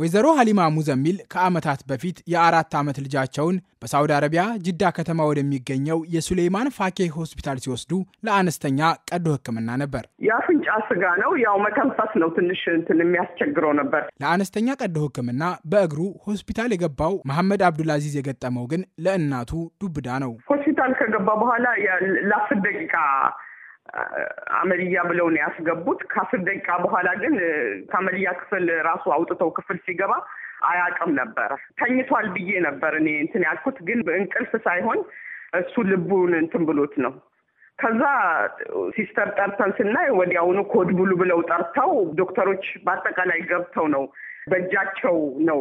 ወይዘሮ ሀሊማ ሙዘሚል ከዓመታት በፊት የአራት ዓመት ልጃቸውን በሳውዲ አረቢያ ጅዳ ከተማ ወደሚገኘው የሱሌይማን ፋኬ ሆስፒታል ሲወስዱ ለአነስተኛ ቀዶ ሕክምና ነበር። የአፍንጫ ስጋ ነው፣ ያው መተንፈስ ነው ትንሽ እንትን የሚያስቸግረው ነበር። ለአነስተኛ ቀዶ ሕክምና በእግሩ ሆስፒታል የገባው መሐመድ አብዱልአዚዝ የገጠመው ግን ለእናቱ ዱብዳ ነው። ሆስፒታል ከገባ በኋላ ለአስር ደቂቃ አመልያ ብለው ነው ያስገቡት። ከአስር ደቂቃ በኋላ ግን ከአመልያ ክፍል ራሱ አውጥተው ክፍል ሲገባ አያውቅም ነበረ። ተኝቷል ብዬ ነበር እኔ እንትን ያልኩት፣ ግን እንቅልፍ ሳይሆን እሱ ልቡን እንትን ብሎት ነው። ከዛ ሲስተር ጠርተን ስናይ ወዲያውኑ ኮድ ብሉ ብለው ጠርተው ዶክተሮች በአጠቃላይ ገብተው ነው በእጃቸው ነው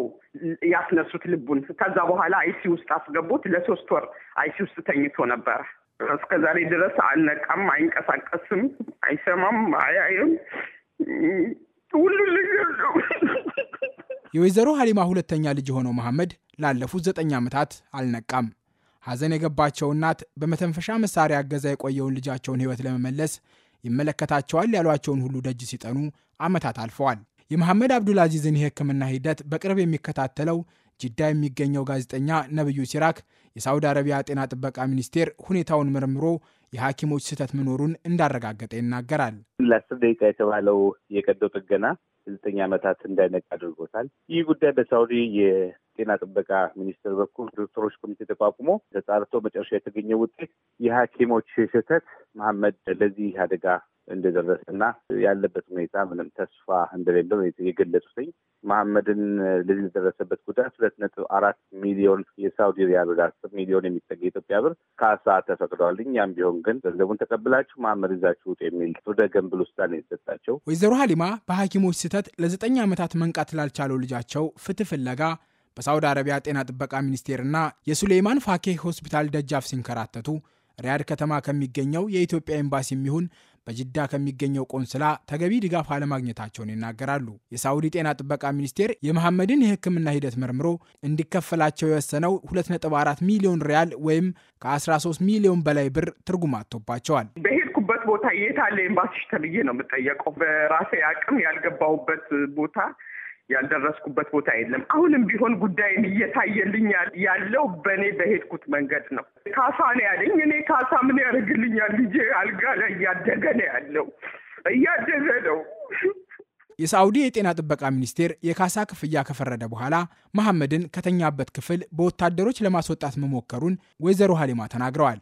ያስነሱት ልቡን። ከዛ በኋላ አይሲ ውስጥ አስገቡት። ለሶስት ወር አይሲ ውስጥ ተኝቶ ነበረ። እስከ ዛሬ ድረስ አልነቃም፣ አይንቀሳቀስም፣ አይሰማም፣ አያይም። ሁሉ ነገር ነው። የወይዘሮ ሀሊማ ሁለተኛ ልጅ የሆነው መሐመድ ላለፉት ዘጠኝ ዓመታት አልነቃም። ሐዘን የገባቸው እናት በመተንፈሻ መሳሪያ እገዛ የቆየውን ልጃቸውን ሕይወት ለመመለስ ይመለከታቸዋል ያሏቸውን ሁሉ ደጅ ሲጠኑ ዓመታት አልፈዋል። የመሐመድ አብዱልአዚዝን የሕክምና ሂደት በቅርብ የሚከታተለው ጅዳ የሚገኘው ጋዜጠኛ ነብዩ ሲራክ የሳውዲ አረቢያ ጤና ጥበቃ ሚኒስቴር ሁኔታውን መርምሮ የሐኪሞች ስህተት መኖሩን እንዳረጋገጠ ይናገራል። ለአስር ደቂቃ የተባለው የቀዶ ጥገና ስድስተኛ ዓመታት እንዳይነቅ አድርጎታል። ይህ ጉዳይ በሳውዲ የጤና ጥበቃ ሚኒስቴር በኩል ዶክተሮች ኮሚቴ ተቋቁሞ ተጣርቶ መጨረሻ የተገኘ ውጤት የሐኪሞች ስህተት መሐመድ ለዚህ አደጋ እንደደረሰ እና ያለበት ሁኔታ ምንም ተስፋ እንደሌለው የገለጹትኝ። መሐመድን ለዚህ ለደረሰበት ጉዳት ሁለት ነጥብ አራት ሚሊዮን የሳውዲ ሪያል ወደ አስር ሚሊዮን የሚጠጋ የኢትዮጵያ ብር ካሳ ተፈቅደዋል። እኛም ቢሆን ግን ገንዘቡን ተቀብላችሁ መሐመድ ይዛችሁ ውጡ የሚል ወደ ገንብል ውሳኔ የተሰጣቸው ወይዘሮ ሀሊማ በሐኪሞች ስህተት ለዘጠኝ ዓመታት መንቃት ላልቻለው ልጃቸው ፍትህ ፍለጋ በሳውዲ አረቢያ ጤና ጥበቃ ሚኒስቴርና የሱሌይማን ፋኬ ሆስፒታል ደጃፍ ሲንከራተቱ ሪያድ ከተማ ከሚገኘው የኢትዮጵያ ኤምባሲ የሚሆን በጅዳ ከሚገኘው ቆንስላ ተገቢ ድጋፍ አለማግኘታቸውን ይናገራሉ። የሳዑዲ ጤና ጥበቃ ሚኒስቴር የመሐመድን የሕክምና ሂደት መርምሮ እንዲከፈላቸው የወሰነው 2.4 ሚሊዮን ሪያል ወይም ከ13 ሚሊዮን በላይ ብር ትርጉም አጥቶባቸዋል። በሄድኩበት ቦታ የት አለ ኤምባሲሽ ተብዬ ነው የምጠየቀው። በራሴ አቅም ያልገባሁበት ቦታ ያልደረስኩበት ቦታ የለም። አሁንም ቢሆን ጉዳይን እየታየልኛል ያለው በእኔ በሄድኩት መንገድ ነው። ካሳ ነው ያለኝ። እኔ ካሳ ምን ያደርግልኛል? ልጄ አልጋ ላይ እያደገ ነው ያለው፣ እያደገ ነው። የሳውዲ የጤና ጥበቃ ሚኒስቴር የካሳ ክፍያ ከፈረደ በኋላ መሐመድን ከተኛበት ክፍል በወታደሮች ለማስወጣት መሞከሩን ወይዘሮ ሀሊማ ተናግረዋል።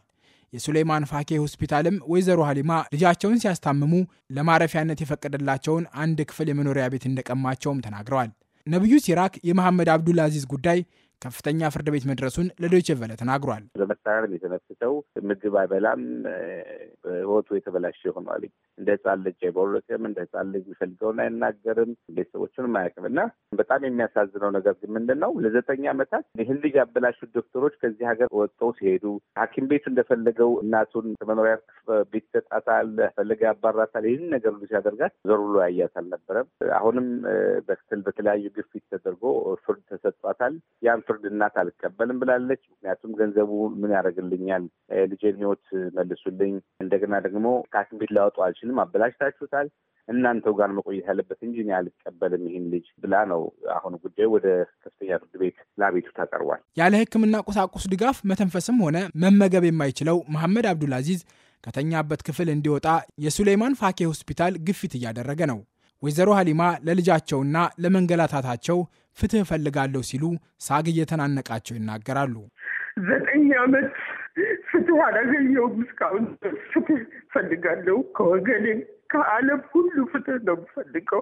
የሱሌይማን ፋኬ ሆስፒታልም ወይዘሮ ሀሊማ ልጃቸውን ሲያስታምሙ ለማረፊያነት የፈቀደላቸውን አንድ ክፍል የመኖሪያ ቤት እንደቀማቸውም ተናግረዋል። ነቢዩ ሲራክ የመሐመድ አብዱል አዚዝ ጉዳይ ከፍተኛ ፍርድ ቤት መድረሱን ለዶይቼ ቬለ ተናግሯል። በመተራረም የተነስተው ምግብ አይበላም፣ ህይወቱ የተበላሸ ሆኗል። እንደ ህፃን ልጅ አይቦርቅም፣ እንደ ህፃን ልጅ የሚፈልገውን አይናገርም፣ ቤተሰቦቹንም አያውቅም። እና በጣም የሚያሳዝነው ነገር ግን ምንድን ነው ለዘጠኝ ዓመታት ይህን ልጅ ያበላሹት ዶክተሮች ከዚህ ሀገር ወጥተው ሲሄዱ ሐኪም ቤት እንደፈለገው እናቱን ከመኖሪያ ቤት ይሰጣታል፣ ፈለገ ያባራታል። ይህን ነገር ሁሉ ሲያደርጋት ዞር ብሎ ያያት አልነበረም። አሁንም በክትል በተለያዩ ግፊት ተደርጎ ፍርድ ተሰጧታል። ያን ፍርድ እናት አልቀበልም ብላለች። ምክንያቱም ገንዘቡ ምን ያደርግልኛል፣ ልጄን ህይወት መልሱልኝ፣ እንደገና ደግሞ ከሐኪም ቤት ላወጡ አልችልም፣ አበላሽታችሁታል እናንተው ጋር መቆየት ያለበት እንጂ እኔ አልቀበልም ይህን ልጅ ብላ ነው። አሁን ጉዳዩ ወደ ከፍተኛ ፍርድ ቤት ላቤቱ ተቀርቧል ያለ ሕክምና ቁሳቁስ ድጋፍ መተንፈስም ሆነ መመገብ የማይችለው መሐመድ አብዱል አዚዝ ከተኛበት ክፍል እንዲወጣ የሱሌይማን ፋኬ ሆስፒታል ግፊት እያደረገ ነው። ወይዘሮ ሀሊማ ለልጃቸውና ለመንገላታታቸው ፍትህ እፈልጋለሁ ሲሉ ሳግ እየተናነቃቸው ይናገራሉ። ዘጠኝ ዓመት ፍትህ አላገኘሁም እስካሁን ፍትህ እፈልጋለሁ ከወገኔ ከዓለም ሁሉ ፍትህ ነው የምፈልገው።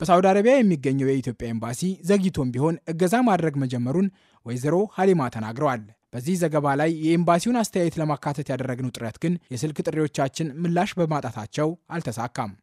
በሳውዲ አረቢያ የሚገኘው የኢትዮጵያ ኤምባሲ ዘግይቶም ቢሆን እገዛ ማድረግ መጀመሩን ወይዘሮ ሀሊማ ተናግረዋል። በዚህ ዘገባ ላይ የኤምባሲውን አስተያየት ለማካተት ያደረግነው ጥረት ግን የስልክ ጥሪዎቻችን ምላሽ በማጣታቸው አልተሳካም።